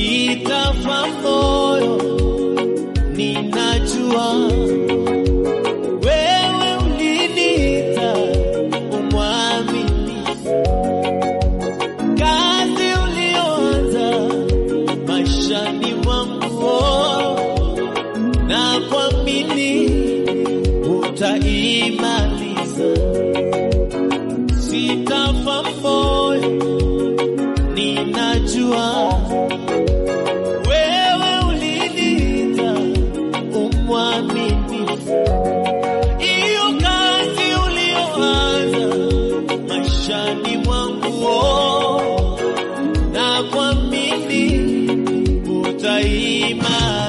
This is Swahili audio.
nitafa moyo, ninajua wewe uliniita umwamini kazi ulioanza maishani mwangu na kuamini utaimaliza, sitafa moyo, ninajua mimi. Hiyo kazi ulioanza maishani mwangu oh, na kwa kuamini utaima